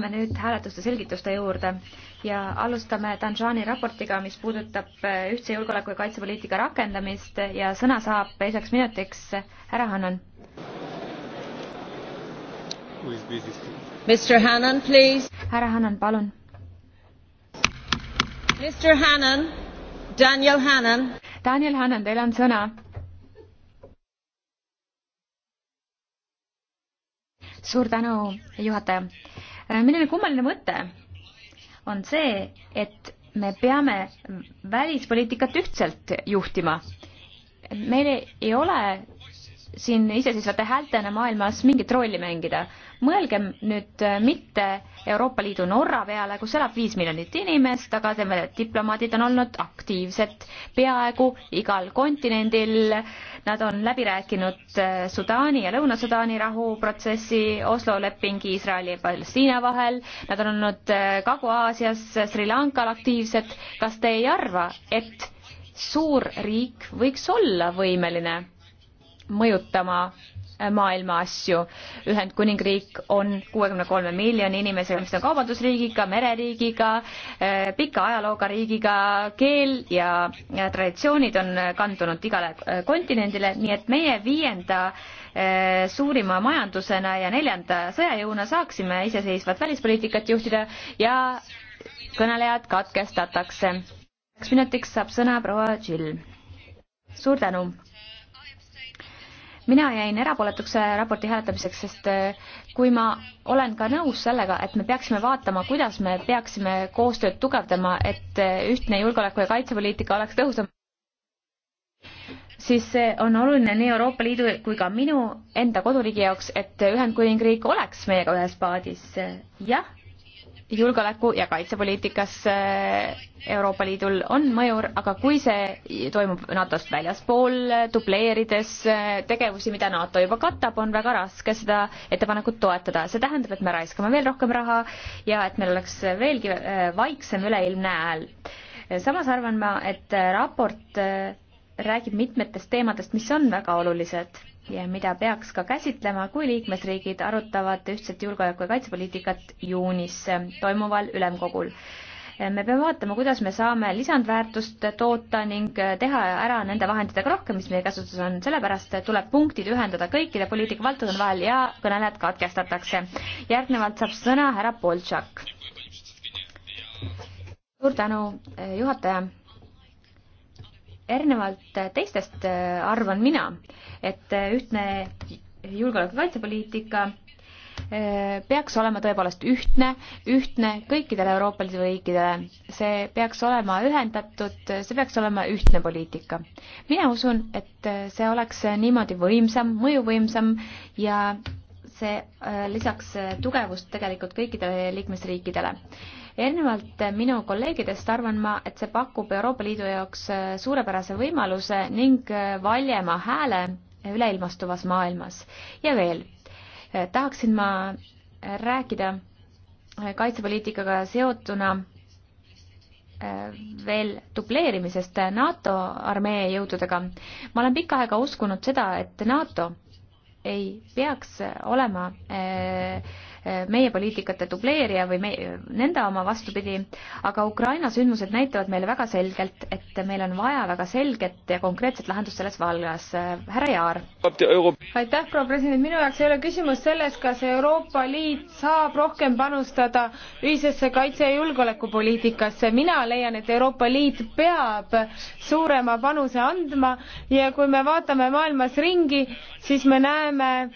läheme nüüd hääletuste selgituste juurde ja alustame Danjani raportiga, mis puudutab äh, ühtse julgeoleku ja kaitsepoliitika rakendamist ja sõna saab teiseks minutiks härra Hannan. Mr Hannan, please. härra Hannan, palun. Mr Hannan, Daniel Hannan. Daniel Hannan, teil on sõna. suur tänu, juhataja Äh, milline kummaline mõte on see, et me peame välispoliitikat ühtselt juhtima. meil ei ole siin iseseisvate häältena maailmas mingit rolli mängida. mõelgem nüüd äh, mitte Euroopa Liidu Norra peale, kus elab viis miljonit inimest, aga tema diplomaadid on olnud aktiivsed peaaegu igal kontinendil. Nad on läbi rääkinud äh, Sudaani ja Lõuna-Sudaani rahuprotsessi, Oslo leping Iisraeli ja Palestiina vahel, nad on olnud äh, Kagu-Aasias, Sri Lankal aktiivsed. kas te ei arva, et suur riik võiks olla võimeline mõjutama maailma asju. Ühendkuningriik on kuuekümne kolme miljoni inimesega, mis on kaubandusriigiga, mereriigiga, eh, pika ajalooga riigiga, keel ja traditsioonid on kandunud igale eh, kontinendile, nii et meie viienda eh, suurima majandusena ja neljanda sõjajõuna saaksime iseseisvat välispoliitikat juhtida ja kõnelejad katkestatakse. kaks minutiks saab sõna proua Jill. suur tänu mina jäin erapooletuks raporti hääletamiseks, sest äh, kui ma olen ka nõus sellega, et me peaksime vaatama, kuidas me peaksime koostööd tugevdama, et äh, ühtne julgeoleku- ja kaitsepoliitika oleks tõhusam, siis see on oluline nii Euroopa Liidu kui ka minu enda koduriigi jaoks, et Ühendkuningriik oleks meiega ühes paadis. jah julgeoleku- ja kaitsepoliitikas äh, Euroopa Liidul on mõjur, aga kui see toimub NATO-st väljaspool, dubleerides äh, tegevusi, mida NATO juba katab, on väga raske seda ettepanekut toetada. see tähendab, et me raiskame veel rohkem raha ja et meil oleks veelgi äh, vaiksem üleilmne hääl. samas arvan ma, et raport räägib mitmetest teemadest, mis on väga olulised ja mida peaks ka käsitlema, kui liikmesriigid arutavad ühtset julgeoleku- ja kaitsepoliitikat juunis toimuval ülemkogul. me peame vaatama, kuidas me saame lisandväärtust toota ning teha ära nende vahenditega rohkem, mis meie käsutuses on, sellepärast tuleb punktid ühendada kõikide poliitikavaldkondade vahel ja kõnelejad katkestatakse. järgnevalt saab sõna härra Boltšak. suur tänu, juhataja erinevalt teistest äh, arvan mina, et äh, ühtne julgeoleku kaitsepoliitika äh, peaks olema tõepoolest ühtne, ühtne kõikidele Euroopa Liidu riikidele. see peaks olema ühendatud, see peaks olema ühtne poliitika. mina usun, et see oleks niimoodi võimsam, mõjuvõimsam ja see äh, lisaks äh, tugevust tegelikult kõikidele liikmesriikidele. erinevalt äh, minu kolleegidest arvan ma, et see pakub Euroopa Liidu jaoks suurepärase võimaluse ning valjema hääle üleilmastuvas maailmas. ja veel, tahaksin ma rääkida kaitsepoliitikaga seotuna veel dubleerimisest NATO armee jõududega. ma olen pikka aega uskunud seda, et NATO ei peaks olema äh, meie poliitikate dubleerija või me, nende oma vastupidi, aga Ukraina sündmused näitavad meile väga selgelt, et meil on vaja väga selget ja konkreetset lahendust selles vallas. härra Jaar. aitäh, proua president, minu jaoks ei ole küsimus selles, kas Euroopa Liit saab rohkem panustada ühisesse kaitse- ja julgeolekupoliitikasse, mina leian, et Euroopa Liit peab suurema panuse andma ja kui me vaatame maailmas ringi, siis me näeme,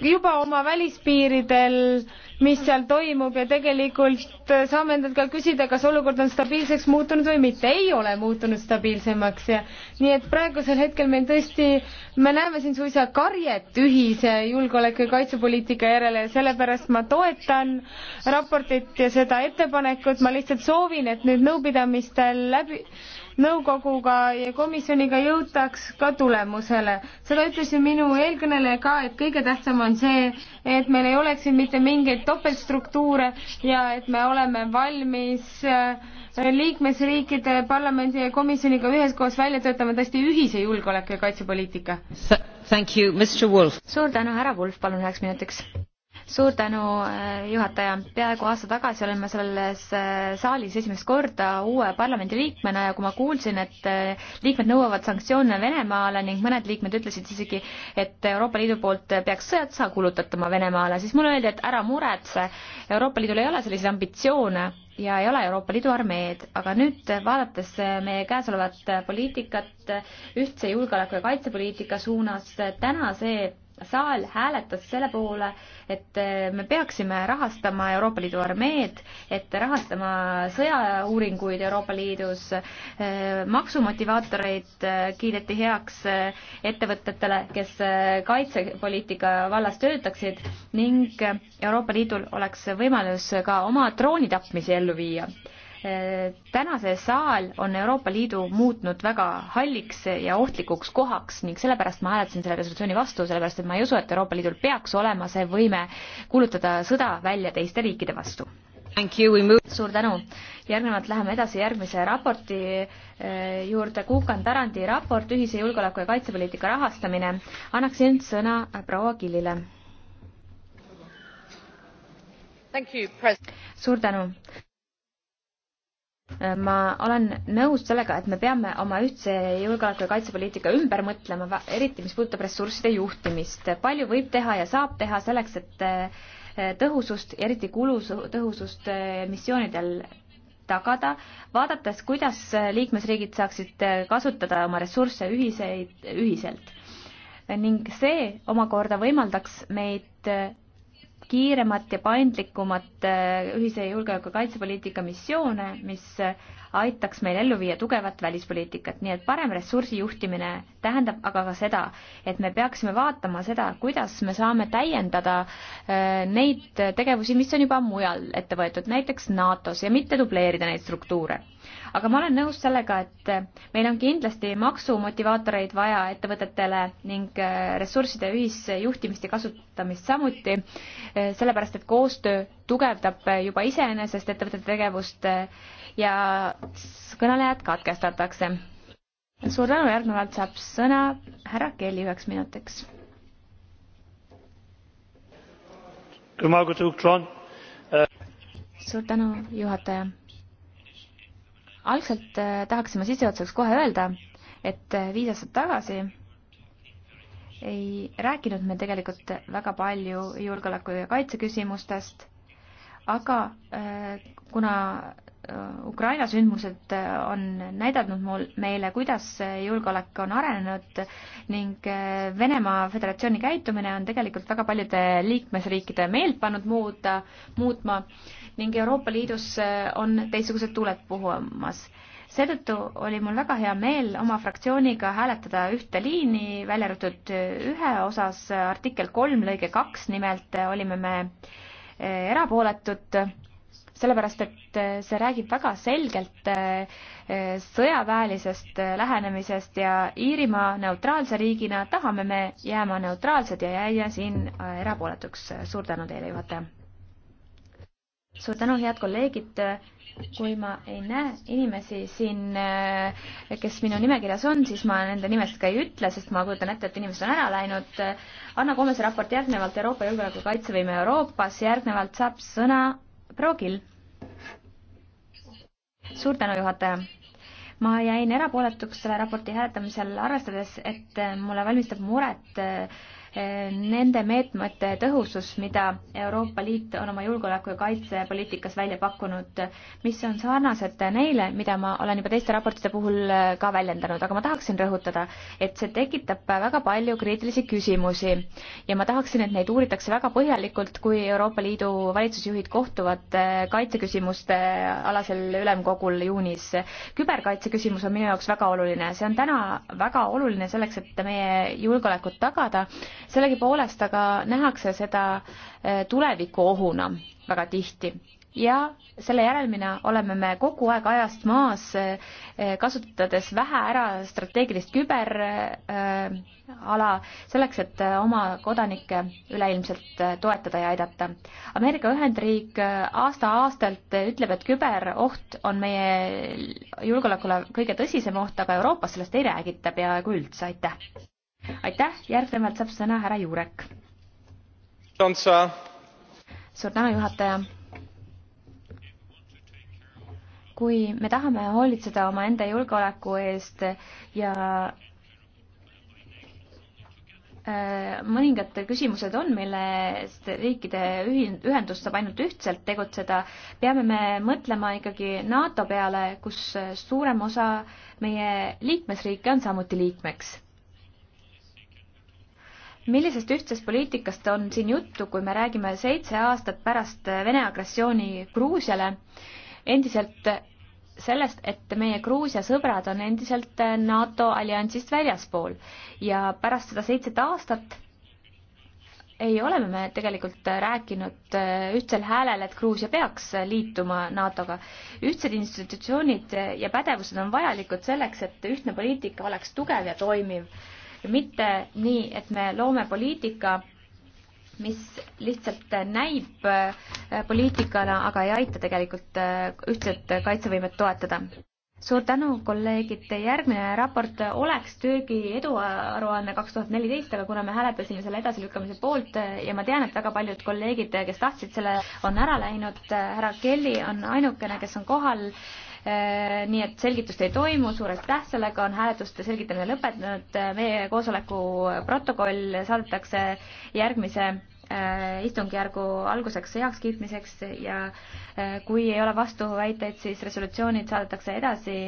juba oma välispiiridel, mis seal toimub ja tegelikult saame endalt ka küsida, kas olukord on stabiilseks muutunud või mitte. ei ole muutunud stabiilsemaks ja nii et praegusel hetkel meil tõesti, me näeme siin suisa karjet ühise julgeoleku ja kaitsepoliitika järele ja sellepärast ma toetan raportit ja seda ettepanekut, ma lihtsalt soovin, et nüüd nõupidamistel läbi nõukoguga ja komisjoniga jõutaks ka tulemusele. seda ütles ju minu eelkõneleja ka, et kõige tähtsam on see, et meil ei oleks siin mitte mingeid topeltstruktuure ja et me oleme valmis äh, liikmesriikide parlamendi ja komisjoniga üheskoos välja töötama tõesti ühise julgeoleku ja kaitsepoliitika. suur tänu, härra Wolf, palun üheks minutiks suur tänu, eh, juhataja. peaaegu aasta tagasi olin ma selles eh, saalis esimest korda uue parlamendiliikmena ja kui ma kuulsin, et eh, liikmed nõuavad sanktsioone Venemaale ning mõned liikmed ütlesid isegi, et Euroopa Liidu poolt peaks sõjatsa kulutatama Venemaale, siis mulle öeldi, et ära muretse, Euroopa Liidul ei ole selliseid ambitsioone ja ei ole Euroopa Liidu armeed, aga nüüd vaadates meie käesolevat poliitikat ühtse julgeoleku ja kaitsepoliitika suunas, täna see saal hääletas selle poole, et eh, me peaksime rahastama Euroopa Liidu armeed, et rahastama sõjauuringuid Euroopa Liidus, eh, maksumotivaatoreid eh, kiideti heaks ettevõtetele, kes kaitsepoliitika vallas töötaksid ning Euroopa Liidul oleks võimalus ka oma droonitapmisi ellu viia täna see saal on Euroopa Liidu muutnud väga halliks ja ohtlikuks kohaks ning sellepärast ma hääletasin selle resolutsiooni vastu, sellepärast et ma ei usu, et Euroopa Liidul peaks olema see võime kuulutada sõda välja teiste riikide vastu. suur tänu. järgnevalt läheme edasi järgmise raporti eh, juurde, Kukan Tarandi raport ühise julgeoleku ja kaitsepoliitika rahastamine. annaksin sõna proua Killile. suur tänu ma olen nõus sellega, et me peame oma ühtse julgeoleku- ja kaitsepoliitika ümber mõtlema, eriti mis puudutab ressursside juhtimist. palju võib teha ja saab teha selleks, et eh, tõhusust, eriti kulutõhusust eh, missioonidel tagada, vaadates, kuidas liikmesriigid saaksid eh, kasutada oma ressursse ühiseid, ühiselt. ning see omakorda võimaldaks meid kiiremat ja paindlikumat äh, ühise julgeoleku- ja kaitsepoliitika missioone, mis äh, aitaks meil ellu viia tugevat välispoliitikat, nii et parem ressursi juhtimine tähendab aga ka seda, et me peaksime vaatama seda, kuidas me saame täiendada äh, neid tegevusi, mis on juba mujal ette võetud, näiteks NATO-s ja mitte dubleerida neid struktuure aga ma olen nõus sellega, et äh, meil on kindlasti maksumotivaatoreid vaja ettevõtetele ning äh, ressursside ühisjuhtimist ja kasutamist samuti, sellepärast et koostöö tugevdab juba iseenesest ettevõtete tegevust eh, ja kõnelejad katkestatakse. suur tänu, järgnevalt saab sõna härra Kelly üheks minutiks. suur tänu, juhataja. algselt eh, tahaksime sissejuhatuseks kohe öelda, et eh, viis aastat tagasi ei rääkinud me tegelikult väga palju julgeoleku ja kaitse küsimustest aga äh, kuna äh, Ukraina sündmused äh, on näidanud mul meile, kuidas julgeolek on arenenud ning Venemaa Föderatsiooni käitumine on tegelikult väga paljude liikmesriikide meelt pannud muuta, muutma ning Euroopa Liidus on teistsugused tuuled puhumas. seetõttu oli mul väga hea meel oma fraktsiooniga hääletada ühte liini, välja arvatud ühe osas artikkel kolm lõige kaks, nimelt olime me äh, Eh, erapooletut, sellepärast et eh, see räägib väga selgelt eh, sõjaväelisest lähenemisest ja Iirimaa neutraalse riigina tahame me jääma neutraalsed ja jääda siin erapooletuks. suur tänu teile, juhataja! suur tänu, head kolleegid. kui ma ei näe inimesi siin, kes minu nimekirjas on, siis ma nende nimesid ka ei ütle, sest ma kujutan ette, et inimesed on ära läinud. Anna Koomese raport järgnevalt Euroopa Julgeoleku Kaitsevõime Euroopas, järgnevalt saab sõna proua Kill. suur tänu, juhataja ma jäin erapooletuks selle raporti hääletamisel, arvestades, et mulle valmistab muret nende meetmete tõhusus, mida Euroopa Liit on oma julgeoleku- ja kaitsepoliitikas välja pakkunud, mis on sarnased neile, mida ma olen juba teiste raportite puhul äh, ka väljendanud, aga ma tahaksin rõhutada, et see tekitab väga palju kriitilisi küsimusi ja ma tahaksin, et neid uuritakse väga põhjalikult, kui Euroopa Liidu valitsusjuhid kohtuvad äh, kaitseküsimuste äh, alasel ülemkogul juunis. küberkaitse küsimus on minu jaoks väga oluline, see on täna väga oluline selleks, et meie julgeolekut tagada sellegipoolest aga nähakse seda eh, tulevikuohuna väga tihti ja selle järelmina oleme me kogu aeg ajast maas, eh, kasutades vähe ära strateegilist küberala eh, selleks, et oma kodanikke üleilmselt toetada ja aidata. Ameerika Ühendriik aasta-aastalt ütleb, et küberoht on meie julgeolekule kõige tõsisem oht, aga Euroopas sellest ei räägita peaaegu üldse, aitäh! aitäh, järgnevalt saab sõna härra Juurek. suur tänu, juhataja. kui me tahame hoolitseda omaenda julgeoleku eest ja äh, mõningad küsimused on, millest riikide ühendus saab ainult ühtselt tegutseda, peame me mõtlema ikkagi NATO peale, kus suurem osa meie liikmesriike on samuti liikmeks millisest ühtsest poliitikast on siin juttu, kui me räägime seitse aastat pärast Vene agressiooni Gruusiale, endiselt sellest, et meie Gruusia sõbrad on endiselt NATO alliansist väljaspool ja pärast seda seitset aastat ei ole me tegelikult rääkinud ühtsel häälel, et Gruusia peaks liituma NATO-ga. ühtsed institutsioonid ja pädevused on vajalikud selleks, et ühtne poliitika oleks tugev ja toimiv mitte nii, et me loome poliitika, mis lihtsalt näib äh, poliitikana, aga ei aita tegelikult äh, ühtset kaitsevõimet toetada. suur tänu, kolleegid, järgmine raport oleks Türgi eduaruanne kaks tuhat neliteist, aga kuna me hääletasime selle edasilükkamise poolt äh, ja ma tean, et väga paljud kolleegid, kes tahtsid selle, on ära läinud, härra Kelly on ainukene, kes on kohal Äh, nii et selgitust ei toimu, suur aitäh, sellega on hääletuste selgitamine lõpetanud, äh, meie koosoleku protokoll saadetakse järgmise äh, istungjärgu alguseks heakskiitmiseks ja kui ei ole vastuväiteid, siis resolutsioonid saadetakse edasi